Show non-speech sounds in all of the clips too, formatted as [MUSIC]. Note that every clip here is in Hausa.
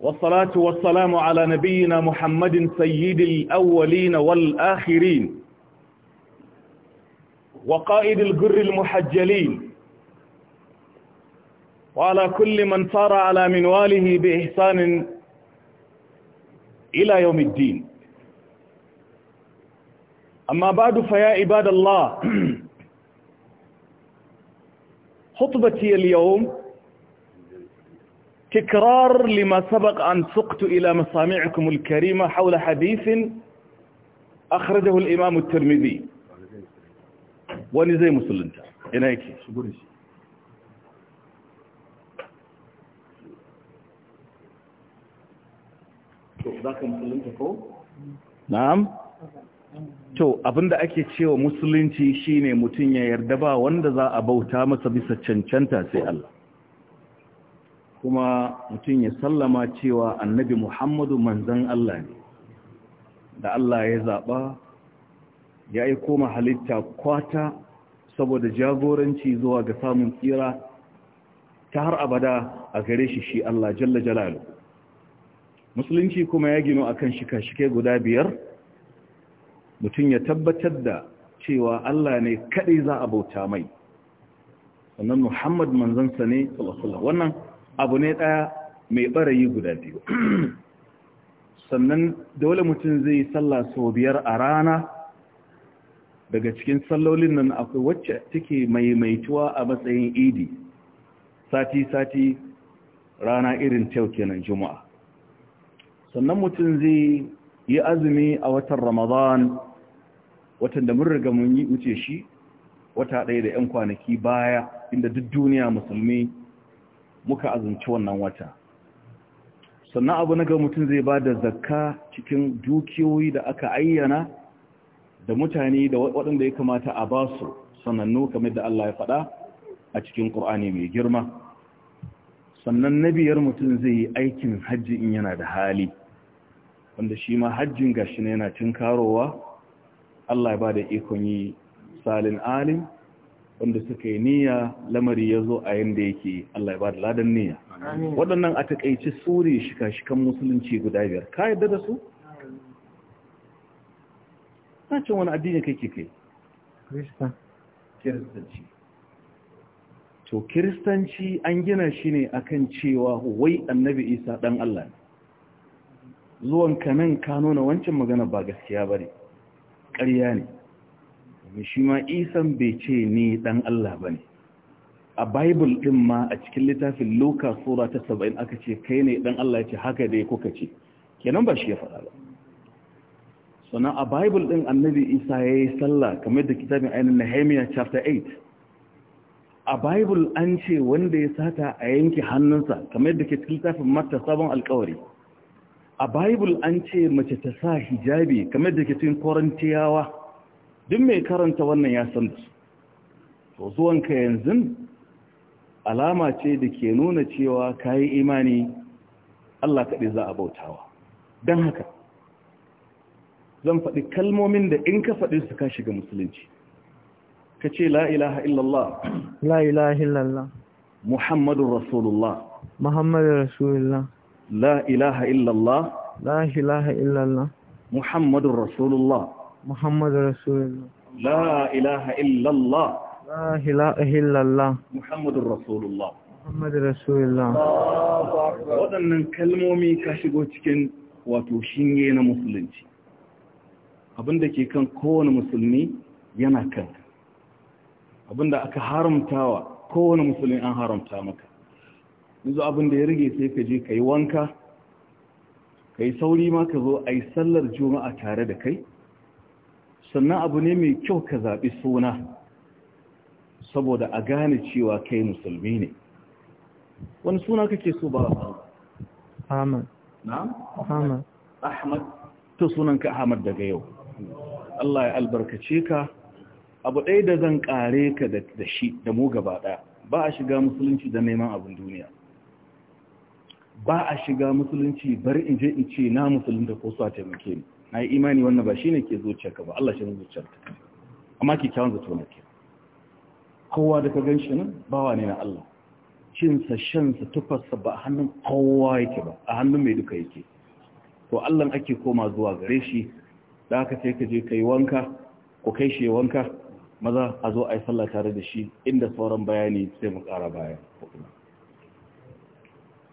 والصلاة والسلام على نبينا محمد سيد الأولين والآخرين وقائد الجر المحجلين وعلى كل من صار على منواله بإحسان إلى يوم الدين أما بعد فيا عباد الله [CLEARS THROAT] خطبتي اليوم تكرار لما سبق أن سقت إلى مسامعكم الكريمة حول حديث أخرجه الإمام الترمذي wani zai musulunta ina yake na'am to abinda ake cewa musulunci shine mutum ya yarda ba wanda za a bauta masa bisa cancanta sai Allah kuma mutum ya sallama cewa annabi Muhammadu manzan Allah ne da Allah ya zaɓa ya aiko koma halitta kwata saboda jagoranci zuwa ga samun tsira ta har abada a gare shi shi Allah jalla jalalu musulunci kuma ya gino kan shika-shike guda biyar mutum ya tabbatar da cewa Allah ne kaɗai za a bauta mai sannan Muhammad manzansa ne wannan abu ne ɗaya mai ɓarayi guda biyu [CLEARS THROAT] sannan dole mutum zai yi sallah sau biyar a rana daga cikin sallolin nan akwai wacce take maimaituwa a matsayin idi sati-sati rana irin yau kenan juma'a sannan mutum zai yi azumi a watan ramadan watan da mun riga mun yi wuce shi wata ɗaya da 'yan kwanaki baya inda duk duniya musulmi muka azumci wannan wata sannan abu na ga mutum zai ba da zakka cikin dukiyoyi da aka ayyana da mutane da waɗanda ya kamata a ba su sanannu kamar da Allah ya faɗa a cikin ƙur'ani mai girma sannan na biyar mutum zai yi aikin hajji in yana da hali wanda shi ma hajjin gashi ne yana karowa. Allah ya ba da ikon yi salin alim wanda suka yi niyya lamari ya zo a yanda yake Allah ya ba da ladan niyya waɗannan a taƙaice sure shika-shikan musulunci guda biyar ka yadda da su? na cin wani addini kai ke kai? kiristanci to kiristanci an gina shi ne akan cewa wai annabi isa ɗan Allah ne zuwan kanan ka nuna wancan magana ba gaskiya ba ne ƙarya ne domin shi ma isan bai ce ni dan Allah ba ne a bible din ma a cikin littafin luka sura ta 70 aka ce kai ne dan Allah ya ce haka dai kuka ce kenan ba shi ya faɗa ba sannan a bible din annabi isa ya yi sallah kamar da kitabin ainihin nehemiah chapter 8 a bible an ce wanda ya sata a yanke hannunsa kamar da ke cikin littafin mata sabon alkawari a bible an ce mace ta sa hijabi kamar da ke cikin korantiyawa duk mai karanta wannan ya san su to zuwanka yanzu alama ce da ke nuna cewa ka yi imani Allah kaɗe za a bautawa don haka zan faɗi kalmomin da in ka faɗi su ka shiga musulunci ka ce la ilaha illallah la ilaha illallah Muhammadu rasulullah Muhammadu rasulullah la ilaha illallah la ilaha illallah Muhammadu rasulullah محمد رسول الله لا إله إلا الله لا إله إلا الله محمد رسول الله محمد رسول الله waɗannan kalmomi ka shigo cikin wato shinge na musulunci abinda ke kan kowane musulmi yana kanka abinda aka haramtawa kowane musulmi an haramta maka yanzu abinda ya rage sai ka je ka yi wanka ka yi sauri ma ka zo a yi sallar juma'a tare da kai sannan abu ne mai kyau ka zaɓi suna saboda a gane cewa kai musulmi ne wani suna kake so ba Ahmad Ahmad Ahmad to ka Ahmad daga yau Allah ya albarkace ka abu ɗaya da zan ƙare ka da shi da mu gaba ɗaya ba a shiga musulunci da neman abin duniya ba a shiga musulunci bari in je in ce na musulun da ko su a taimake ni na yi imani wannan ba shi ne ke zuciyarka ba Allah shi ne zuciyarka amma kyakkyawan zato na ke kowa da ka gan shi nan bawa ne na Allah cinsa shansa tufarsa ba a hannun kowa yake ba a hannun mai duka yake to Allah ake koma zuwa gare shi da aka sai ka je ka yi wanka ko kai shi wanka maza a zo a yi sallah tare da shi inda sauran bayani sai mu ƙara baya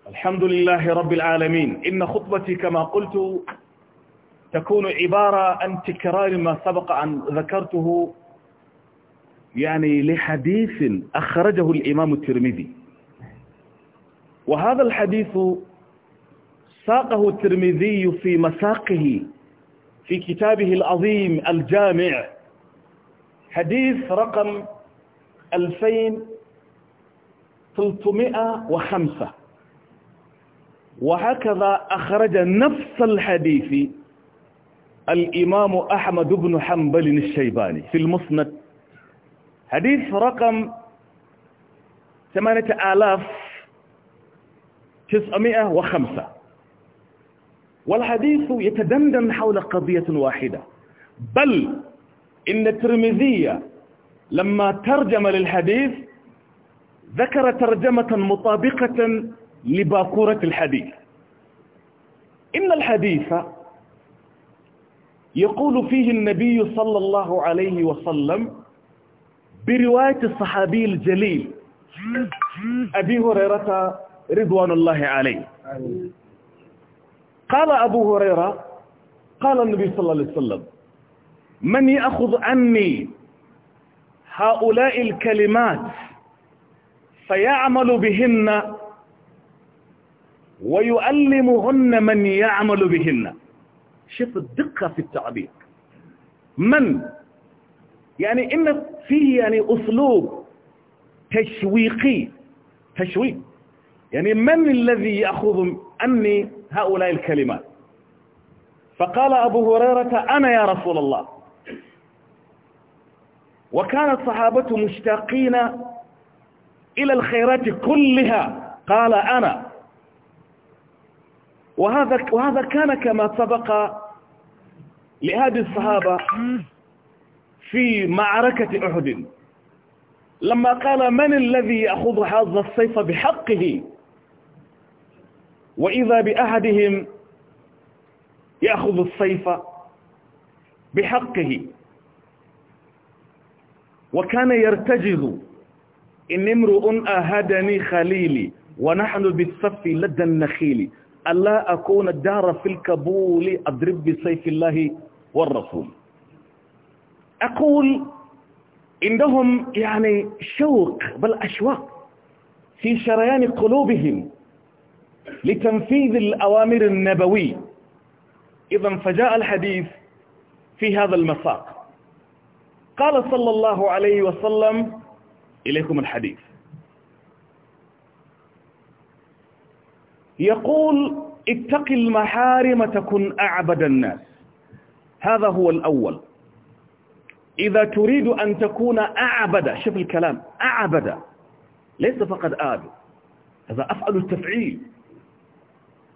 alhamdulillahi rabbil alamin inna khutbati kama qultu تكون عبارة عن تكرار ما سبق أن ذكرته يعني لحديث أخرجه الإمام الترمذي وهذا الحديث ساقه الترمذي في مساقه في كتابه العظيم الجامع حديث رقم 2305 وهكذا أخرج نفس الحديث الإمام أحمد بن حنبل الشيباني في المسند حديث رقم ثمانية آلاف تسعمائة وخمسة والحديث يتدندن حول قضية واحدة بل إن الترمذي لما ترجم للحديث ذكر ترجمة مطابقة لباكورة الحديث إن الحديث يقول فيه النبي صلى الله عليه وسلم برواية الصحابي الجليل أبي هريرة رضوان الله عليه قال أبو هريرة قال النبي صلى الله عليه وسلم من يأخذ عني هؤلاء الكلمات فيعمل بهن ويؤلمهن من يعمل بهن شوف الدقة في التعبير من يعني إما فيه يعني أسلوب تشويقي تشويق يعني من الذي يأخذ عني هؤلاء الكلمات فقال أبو هريرة أنا يا رسول الله وكان الصحابة مشتاقين إلى الخيرات كلها قال أنا وهذا, وهذا كان كما سبق لهذه الصحابة في معركة أحد لما قال من الذي يأخذ هذا السيف بحقه وإذا بأحدهم يأخذ السيف بحقه وكان يرتجز إن امرؤ آهدني خليلي ونحن بالصف لدى النخيل ألا أكون الدار في الكبول أضرب بسيف الله والرسول أقول عندهم يعني شوق بل أشواق في شريان قلوبهم لتنفيذ الأوامر النبوي إذا فجاء الحديث في هذا المساق قال صلى الله عليه وسلم إليكم الحديث يقول اتق المحارم تكن أعبد الناس هذا هو الأول إذا تريد أن تكون أعبد شوف الكلام أعبد ليس فقط آب هذا أفعل التفعيل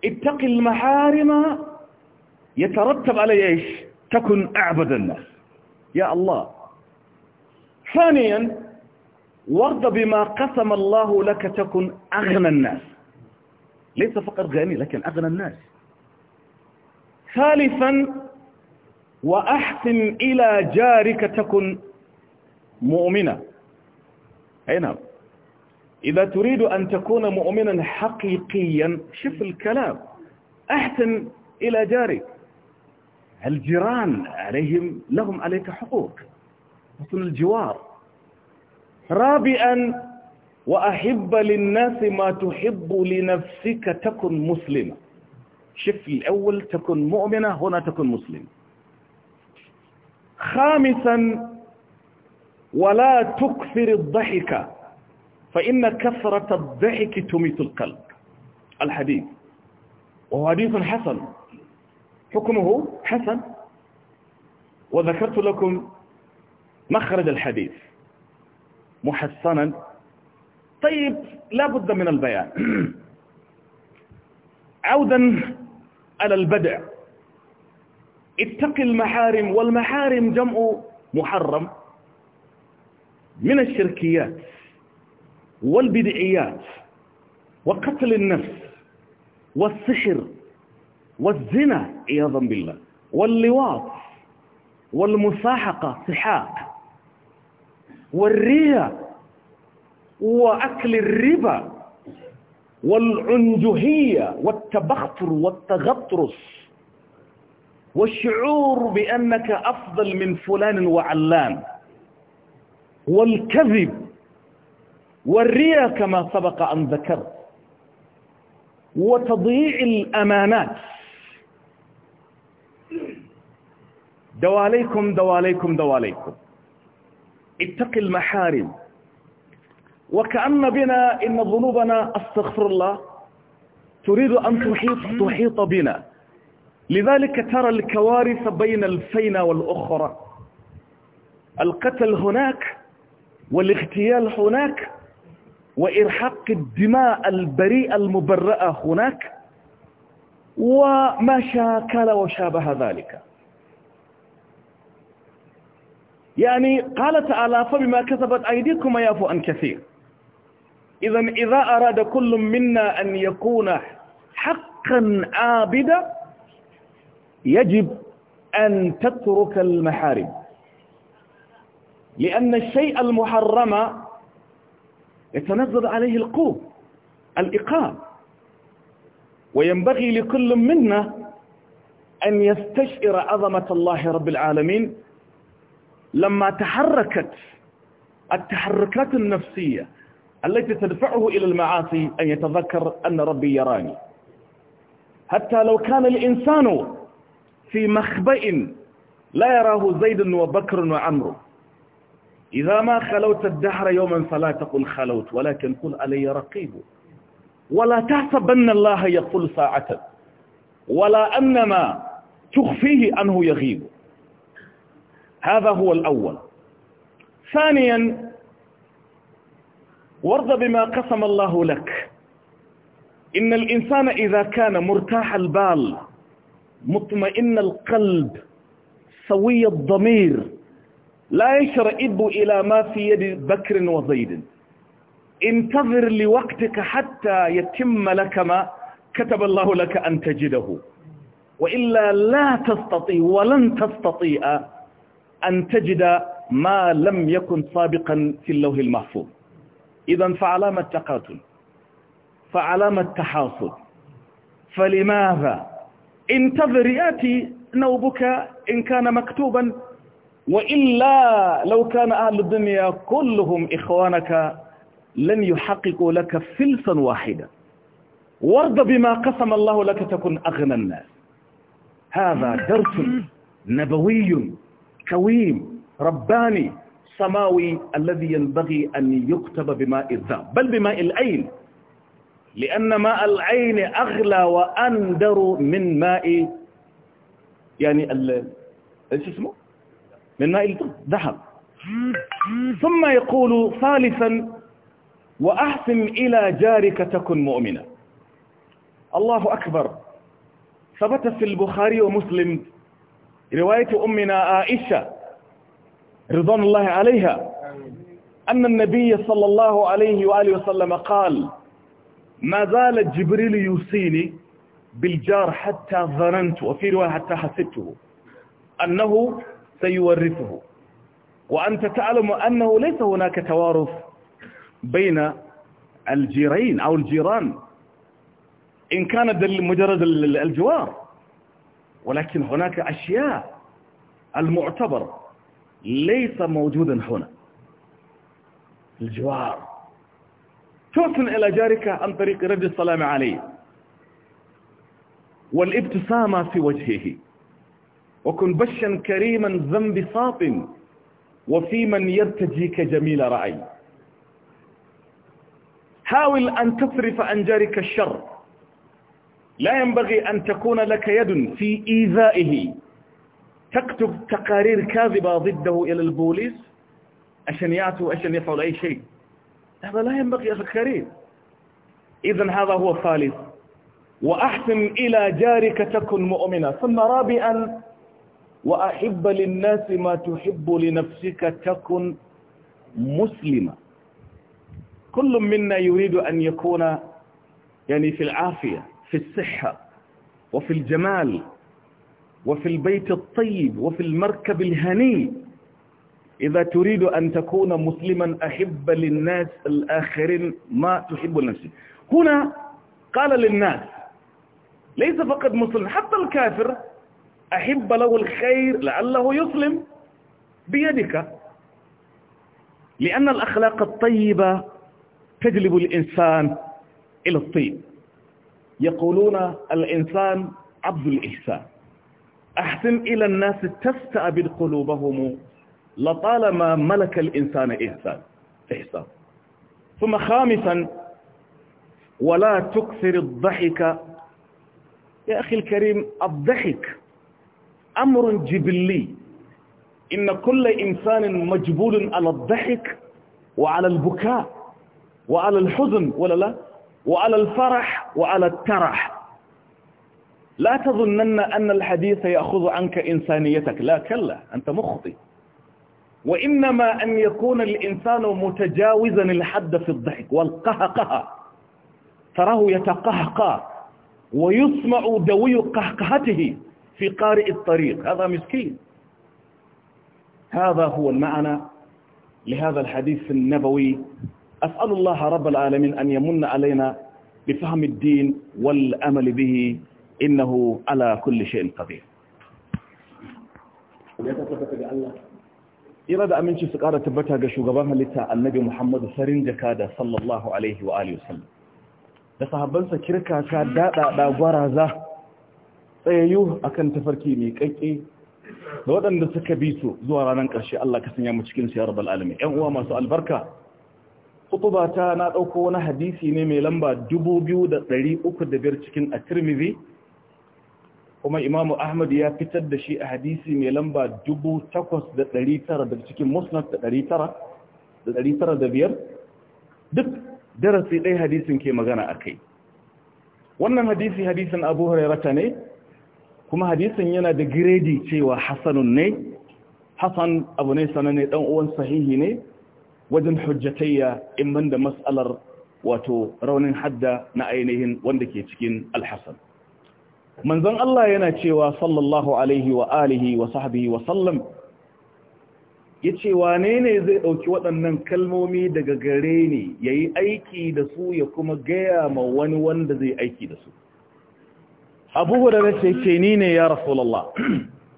اتق المحارم يترتب عليه ايش تكن أعبد الناس يا الله ثانيا ورد بما قسم الله لك تكن أغنى الناس ليس فقط غني لكن أغنى الناس ثالثا وأحسن إلى جارك تكن مؤمنا أي نعم إذا تريد أن تكون مؤمنا حقيقيا شف الكلام أحسن إلى جارك الجيران عليهم لهم عليك حقوق حسن الجوار رابعا وأحب للناس ما تحب لنفسك تكن مسلمة شف الأول تكن مؤمنة هنا تكن مسلمة خامسا ولا تكثر الضحك فإن كثرة الضحك تميت القلب الحديث وهو حديث حسن حكمه حسن وذكرت لكم مخرج الحديث محسنا طيب لا بد من البيان [CLEARS THROAT] عودا على البدع اتق المحارم والمحارم جمع محرم من الشركيات والبدعيات وقتل النفس والسحر والزنا عياذا بالله واللواط والمساحقة سحاق والريا وأكل الربا والعنجهية والتبختر والتغطرس والشعور بأنك أفضل من فلان وعلان والكذب والريا كما سبق أن ذكرت وتضييع الأمانات دواليكم دواليكم دواليكم اتق المحارم وكأن بنا إن ذنوبنا استغفر الله تريد أن تحيط, تحيط بنا لذلك ترى الكوارث بين الفينة والأخرى القتل هناك والاغتيال هناك وإرحاق الدماء البريئة المبرأة هناك وما شاكل وشابه ذلك يعني قال تعالى فبما كسبت أيديكم يا عن كثير إذا إذا أراد كل منا أن يكون حقا عابدا يجب أن تترك المحارم لأن الشيء المحرم يتنزل عليه القوم الإقام وينبغي لكل منا أن يستشعر عظمة الله رب العالمين لما تحركت التحركات النفسية التي تدفعه إلى المعاصي أن يتذكر أن ربي يراني حتى لو كان الإنسان في مخبئ لا يراه زيد وبكر وعمر إذا ما خلوت الدهر يوما فلا تقل خلوت ولكن قل علي رقيب ولا تحسبن الله يقول ساعة ولا أنما تخفيه أنه يغيب هذا هو الأول ثانيا وارض بما قسم الله لك إن الإنسان إذا كان مرتاح البال مطمئن القلب سوي الضمير لا يشرئب إلى ما في يد بكر وزيد انتظر لوقتك حتى يتم لك ما كتب الله لك أن تجده وإلا لا تستطيع ولن تستطيع أن تجد ما لم يكن سابقا في اللوح المحفوظ إذا فعلامة التقاتل فعلامة التحاصل فلماذا انتظر يأتي نوبك إن كان مكتوبا وإلا لو كان أهل الدنيا كلهم إخوانك لن يحققوا لك فلسا واحدا وارض بما قسم الله لك تكن أغنى الناس هذا درس نبوي كويم رباني سماوي الذي ينبغي أن يكتب بماء الذهب بل بماء الأين لأن ماء العين أغلى وأندر من ماء يعني ال ايش اسمه من ماء الذهب ثم يقول ثالثا وأحسن إلى جارك تكن مؤمنا الله أكبر ثبت في البخاري ومسلم رواية أمنا عائشة رضوان الله عليها أن النبي صلى الله عليه وآله وسلم قال ما زال جبريل يوصيني بالجار حتى ظننت وفي رواية حتى حسبته أنه سيورثه وأنت تعلم أنه ليس هناك توارث بين الجيرين أو الجيران إن كانت مجرد الجوار ولكن هناك أشياء المعتبر ليس موجودا هنا الجوار توصل إلى جارك عن طريق رد السلام عليه والابتسامة في وجهه وكن بشا كريما ذنب بساط وفي من يرتجيك جميل رأي حاول أن تصرف عن جارك الشر لا ينبغي أن تكون لك يد في إيذائه تكتب تقارير كاذبة ضده إلى البوليس عشان يأتوا عشان يفعل أي شيء هذا لا ينبغي يا أخي الكريم إذا هذا هو الثالث وأحسن إلى جارك تكن مؤمنا ثم رابعا وأحب للناس ما تحب لنفسك تكن مسلما كل منا يريد أن يكون يعني في العافية في الصحة وفي الجمال وفي البيت الطيب وفي المركب الهنيء إذا تريد أن تكون مسلما أحب للناس الآخرين ما تحب لنفسك هنا قال للناس ليس فقط مسلم حتى الكافر أحب له الخير لعله يسلم بيدك لأن الأخلاق الطيبة تجلب الإنسان إلى الطيب يقولون الإنسان عبد الإحسان أحسن إلى الناس تستأبد قلوبهم لطالما ملك الإنسان إحسان إحسان ثم خامسا ولا تكثر الضحك يا أخي الكريم الضحك أمر جبلي إن كل إنسان مجبول على الضحك وعلى البكاء وعلى الحزن ولا لا وعلى الفرح وعلى الترح لا تظنن أن الحديث يأخذ عنك إنسانيتك لا كلا أنت مخطئ وإنما أن يكون الإنسان متجاوزا الحد في الضحك والقهقه تراه يتقهقى ويسمع دوي قهقهته في قارئ الطريق هذا مسكين هذا هو المعنى لهذا الحديث النبوي أسأل الله رب العالمين أن يمن علينا بفهم الدين والأمل به إنه على كل شيء قدير Yana da aminci su ƙara tabbata ga shugaban halitta annabi Muhammadu sarin jaka da sallallahu alaihi wa alihi wasallam da sahabbansa kirkaka daɗa da gwaraza tsayayyu akan tafarki mai ƙaƙƙe da waɗanda suka bi su zuwa ranar ƙarshe Allah ka sanya mu cikin siyar bal alamin ƴan uwa masu albarka khutubata na ɗauko wani hadisi ne mai lamba biyar cikin a tirmidhi kuma imamu ahmad ya fitar da shi a hadisi mai lamba 8,900 daga cikin musnad da biyar. duk darasi ɗaya hadisin ke magana a kai wannan hadisi hadisin abu hurairata ne kuma hadisin yana da giredi cewa hasanun ne hasan abu ne sanane ɗan uwan sahihi ne wajen hujjatayya in da mas'alar wato raunin hadda na ainihin wanda ke cikin alhassan manzon Allah yana cewa sallallahu alaihi wa alihi wa sahbihi wa sallam yace wane ne zai ɗauki waɗannan kalmomi daga gare ni yi aiki da su ya kuma gaya ma wani wanda zai aiki da su Abu Hurairah ce ce ni ne ya rasulallah.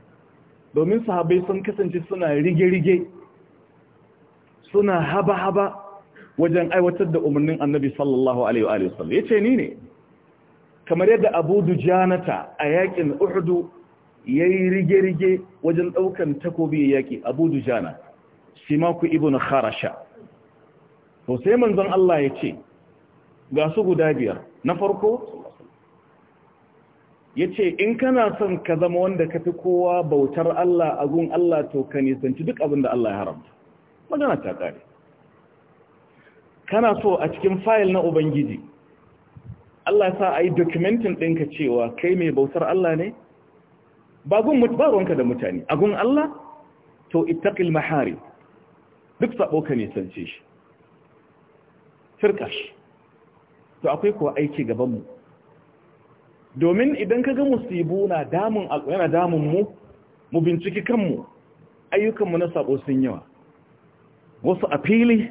[CLEARS THROAT] domin sahabai sun kasance suna rige-rige suna haba-haba wajen aiwatar da umarnin Annabi sallallahu alaihi wa sallam, ya ce ni ne kamar yadda abu dujanata a yakin uhudu ya yi rige-rige wajen ɗaukan takobi ya yaƙi abu dujana simaku ibn kharasha to sai manzon Allah ya ce ga su guda biyar na farko ya ce in kana son ka zama wanda ka fi kowa bautar Allah a gun Allah to ka nisanci duk abin da Allah ya haramta magana ta ƙare kana so a cikin fayil na Ubangiji Allah sa a yi dokumentin ɗinka cewa kai mai bautar Allah ne? Ba gun mutbaronka da mutane, a gun Allah? To, ittaƙil mahari, duk saɓo ka nisance shi, firka shi, to akwai kuwa aiki gabanmu. Domin idan ka ga musibu na damun yana damun mu, mu binciki kanmu, ayyukanmu na sabo sun yawa, wasu a fili,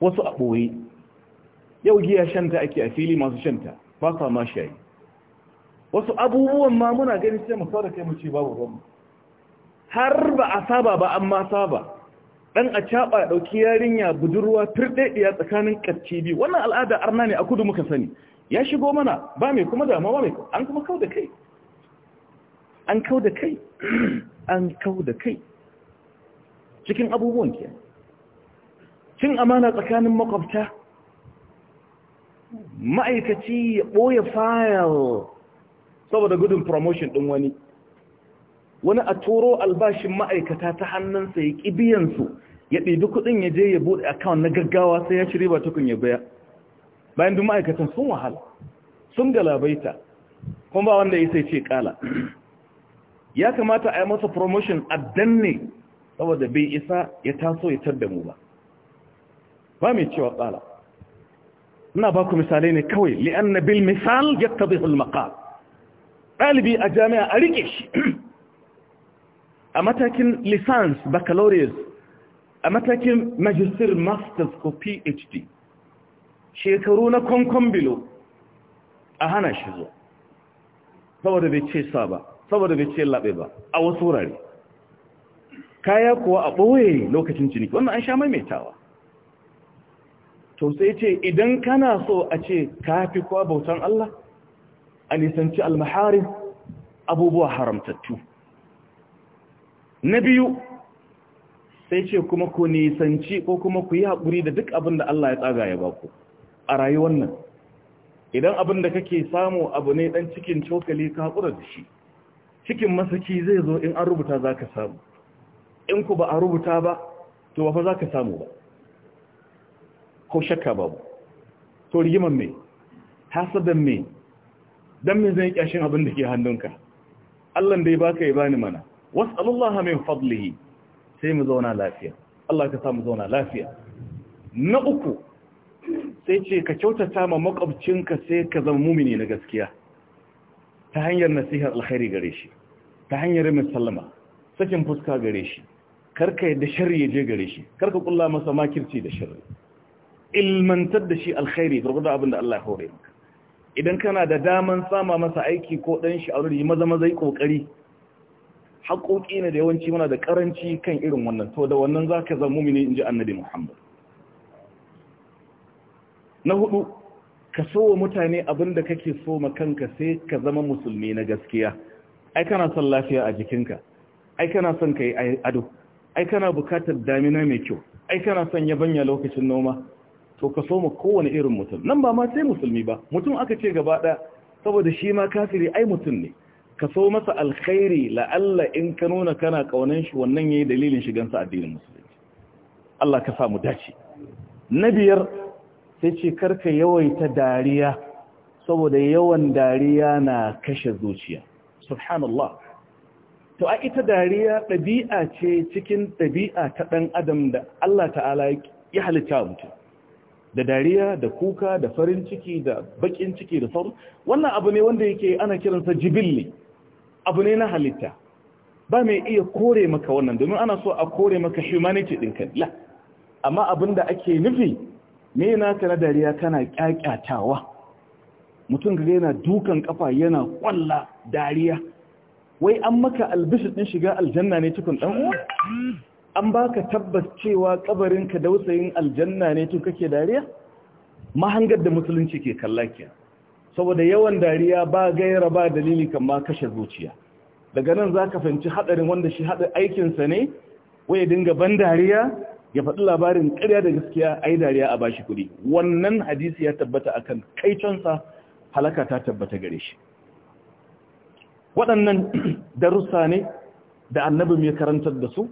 wasu a ɓoye. yau giya shanta ake a fili masu shanta ba sa ma shayi wasu abubuwan ma muna gani sai mu da kai mu ce babu ruwan har ba a saba ba an ma saba dan a caba ya dauki yarinya budurwa firdediya tsakanin ƙarci biyu wannan al'ada arna ne a kudu muka sani ya shigo mana ba mai kuma damuwa ba mai an kuma kau da kai an kau da kai [CLEARS THROAT] an kau da kai cikin abubuwan ke cin amana tsakanin makwabta ma'aikaci ya ɓoye fayil saboda gudun promotion ɗin wani wani a turo albashin ma'aikata ta hannunsa ya ƙi biyansu ya ɗibi kuɗin ya je ya buɗe account na gaggawa sai ya ci riba tukun ya baya bayan duk ma'aikatan sun wahala sun galabaita kuma ba wanda ya sai ce kala ya kamata a yi masa promotion a danne saboda bai isa ya taso ya tar da mu ba ba mai cewa ƙala. ina ba ku misalai ne kawai na bil misal yattadihul maqal ɗalibi a jami'a a riƙe. shi a matakin lisans baccalaureus a matakin magister masters ko phd shekaru na bilo a hana shi zo saboda bai ce sa ba saboda bai ce labe ba a wasu wurare kaya kuwa a ɓoye lokacin ciniki wannan an sha maimaitawa to sai ce idan kana so a ce kafi kuwa bautan Allah a nisanci almahari abubuwa haramtattu na biyu sai ce kuma ku nisanci ko kuma ku yi haƙuri da duk abin da Allah ya tsaga ya baku a rayuwar nan idan abin da kake samu abu ne dan cikin cokali ka haƙura da shi cikin masaki zai zo in an rubuta za ka samu in ku ba a rubuta ba to ba za ka samu ba ko shakka babu to rigiman me hasadan me dan me zan kyashin abin da ke hannunka Allah da ya baka ya bani mana wasallallahu min fadlihi sai mu zauna lafiya Allah ka sa mu zauna lafiya na uku sai ce ka kyautata ma makwabcinka sai ka zama mumini na gaskiya ta hanyar nasihar alkhairi gare shi ta hanyar musallama sakin fuska gare shi karka yadda sharri ya je gare shi karka kulla masa makirci da sharri ilmantar da shi alkhairi gurgurda abin da Allah hore maka idan kana da daman sama masa aiki ko dan shi wuri maza maza yi kokari haƙoƙi ne da yawanci muna da karanci kan irin wannan to da wannan za zaka zama mu'mini inji annabi Muhammad na hudu ka so wa mutane abin da kake so ma kanka sai ka zama musulmi na gaskiya ai kana son lafiya a jikinka ai kana son kai ado ai kana bukatar damina mai kyau ai kana son yabanya lokacin noma to ka soma kowane irin mutum nan ba ma sai musulmi ba mutum aka ce gaba ɗaya saboda shi ma kafiri ai mutum ne ka so masa alkhairi la'alla in ka nuna kana kaunan shi wannan yayi dalilin shigansa addinin musulunci Allah ka sa mu dace na biyar sai ce karka yawaita dariya saboda yawan dariya na kashe zuciya subhanallah to a ita dariya ɗabi'a ce cikin ɗabi'a ta ɗan adam da Allah ta'ala ya halitta mutum da dariya da kuka da farin ciki da bakin ciki da sauran wannan abu ne wanda yake ana kiransa jibilli abu ne na halitta ba mai iya kore maka wannan domin ana so a kore maka humanity ɗinka la amma abin da ake nufi me na ka na dariya kana ƙyaƙyatawa mutum ga yana dukan kafa yana kwalla dariya wai an maka albishir ɗin shiga aljanna ne cikin ɗan uwa an baka tabbas cewa kabarinka dausayin aljanna ne tun kake dariya mahangar da musulunci ke kallakiya, saboda yawan dariya ba gaira ba dalili kan ma kashe zuciya daga nan zaka fahimci hadarin wanda shi hada aikin sa ne waye dinga ban dariya ya faɗi labarin ƙarya da gaskiya ai dariya a bashi kuɗi wannan hadisi ya tabbata akan kaicansa halaka ta tabbata gare shi waɗannan [CLEARS THROAT] darussa ne da annabi mai karantar da su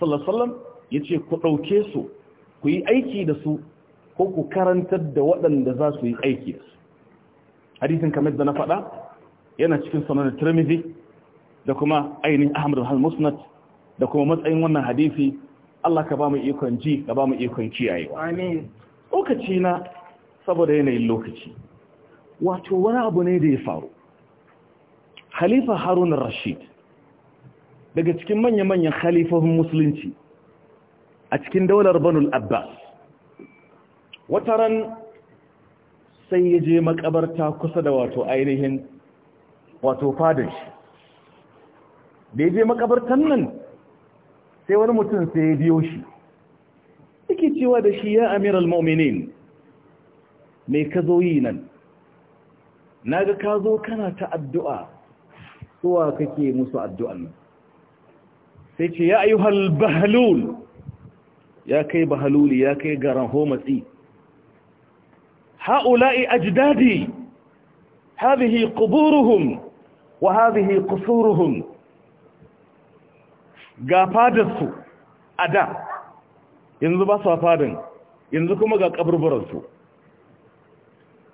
sallasallam ya ce ku ɗauke su ku yi aiki da su ko ku karantar da waɗanda za su yi aiki da su hadisin kamar da na faɗa yana cikin sanar tirmidhi da kuma ainihin ahmad al-musnad da kuma matsayin wannan hadisi Allah ka ba mu ikon ji ka ba mu ikon kiyayewa lokaci na saboda yanayin lokaci wato wani abu ne da ya faru Khalifa Harun Rashid daga cikin manya-manyan khalifofin musulunci a cikin daular banul abbas wataran sai ya je makabarta kusa da wato ainihin wato fadin shi da ya je makabartan nan sai wani mutum sai ya biyo shi yake cewa da shi ya amir al-mominin mai ka zo yi nan na ga ka zo kana ta addu'a suwa kake musu addu'an nan sai ce ya ayyuhal bahlul ya kai bahaluli ya kai garan homatsi ha'ula'i ajdadi hadhihi quburuhum wa hadhihi qusuruhum ga fadarsu a da yanzu ba su fadin yanzu kuma ga kaburburansu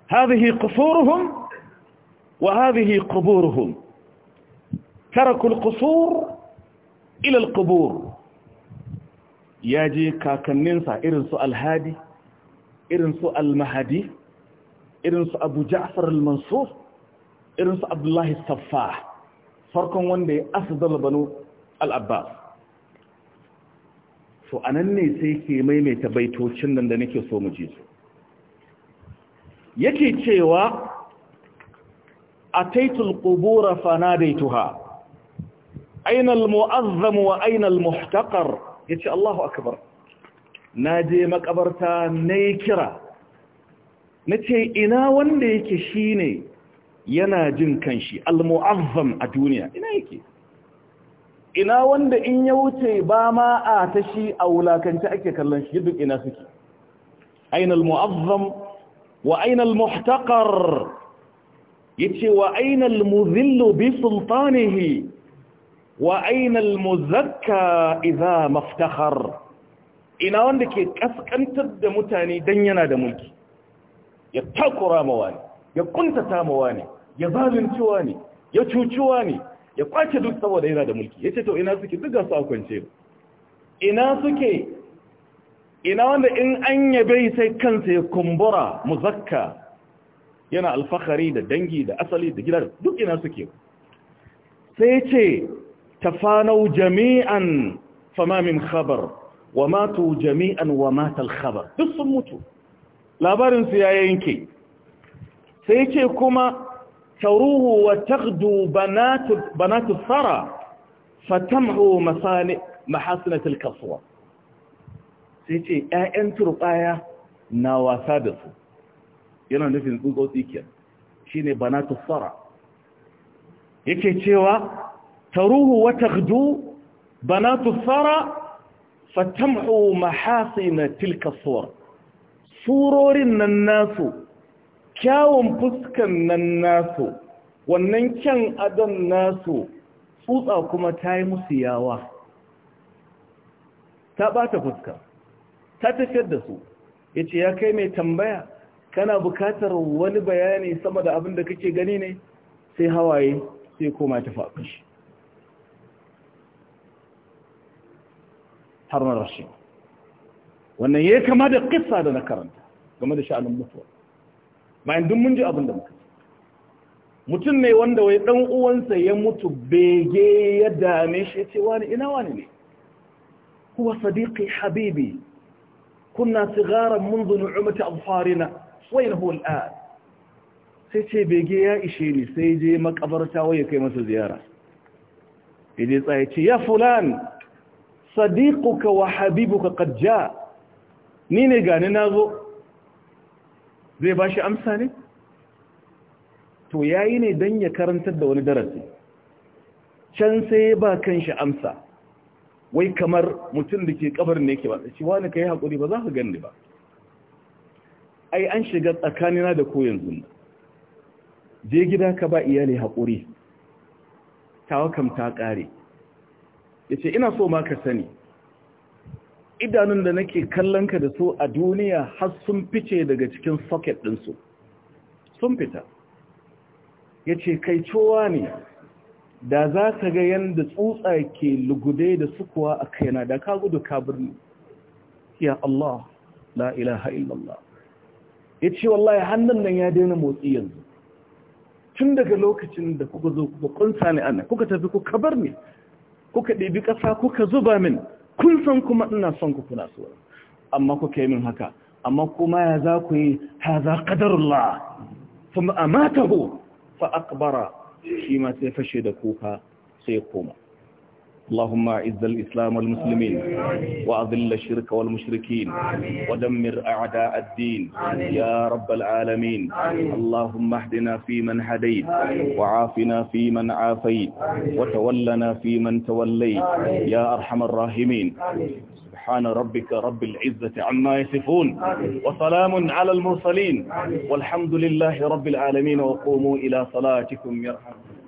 hadhihi qusuruhum wa hadhihi quburuhum tarakul qusur ilal qubur ya je kakanninsa irin su alhadi irin su almahadi irin su abu ja'far al-mansur irin su abdullahi saffa farkon wanda ya asdal banu al-abbas to anan ne sai ke maimaita baitocin nan da nake so mu ji su yake cewa ataitul dai tuha. أين المؤظم وأين المحتقر يتشاء الله أكبر ناجي مكبرتا نيكرا نتشي إنا وانديك شيني yana jin kanshi al-mu'azzam a duniya ina yake ina wanda in ya wuce ba ma a tashi a wulakanci ake kallon shi duk ina suke aina al-mu'azzam wa aina al-muhtaqar yace wa aina al-mudhillu bi sultanihi wa ainal muzakka idza maftakhar ina wanda ke kaskantar da mutane dan yana da mulki ya takura mawa ne ya kuntata mawa ne ya zalunciwa ne ya cuciwa ne ya kwace duk saboda yana da mulki yace to ina suke duka su akwance ina suke ina wanda in an yabe sai kansa ya kumbura muzakka yana alfahari da dangi da asali da gidar duk ina suke sai ce تفانوا جميعا فما من خبر وماتوا جميعا ومات الخبر بصم متو لابارن سيايينكي سيكي كما تروه وتغدو بنات, بنات الثرى فتمعوا مثالي محاسنة الكفوة سيكي اي ترق ايا نوى ثابت ينا نفين قوتيكي شيني بنات الثرى يكي تيوا taruhu wa taghdu banatu thara fatam'u mahasin tilka suwar surorin nan nasu kyawun fuskan nan nasu wannan kyan adon nasu tsutsa kuma ta yi musu yawa ta bata fuska ta tafiyar da su ya ce ya kai mai tambaya kana bukatar wani bayani sama da abin da kake gani ne sai hawaye sai koma ta faɗi Harnar rashin. wannan ya yi kama da kissa da na karanta game da sha'anin mutuwa bayan duk mun ji abin da muka mutum ne wanda wai dan uwansa ya mutu bege ya dame shi ya ce wani ina wani ne huwa sadiqi habibi kunna sigaran منذ نعمة أظفارنا وين هو sai ce bege ya ishe ni sai je makabarta ya kai masa ziyara idai tsaye ce ya fulan ka wa habibuka ka jaa ni ne gani nazo zai ba shi amsa ne to ya yi ne don ya karantar da wani darasi can sai ba kan shi amsa wai kamar mutum da ke kabar ne ke ba shi wani yi hakuri ba za ka gani ba ai an shiga tsakanina da ko yanzu je gida ka ba iyali hakuri tawakkam ta ƙare. ya ce ina so ma ka sani idanun da nake kallon ka da su a duniya har sun fice daga cikin socket ɗinsu sun fita ya ce kai cowa ne da za ka ga yadda tsutsa ke lugude da sukuwa a kaina da ka gudu ka birni ya Allah la ilaha illallah ya ce wallahi hannun nan ya daina motsi yanzu tun daga lokacin da kuka zo kuka kunsa ne ana kuka tafi kuka bar ne kuka ɗibi ƙasa kuka zuba min kun san kuma ina son ku kuna so amma kuka yi min haka amma kuma ya za ku yi haza qadarullah ma'amata amatahu fa akbara shi ma sai fashe da kuka sai koma اللهم اعز الإسلام والمسلمين وأذل الشرك والمشركين ودمر أعداء الدين يا رب العالمين اللهم اهدنا فيمن هديت وعافنا فيمن عافيت وتولنا فيمن توليت يا أرحم الراحمين سبحان ربك رب العزة عما يصفون وسلام على المرسلين والحمد لله رب العالمين وقوموا إلى صلاتكم يرحمكم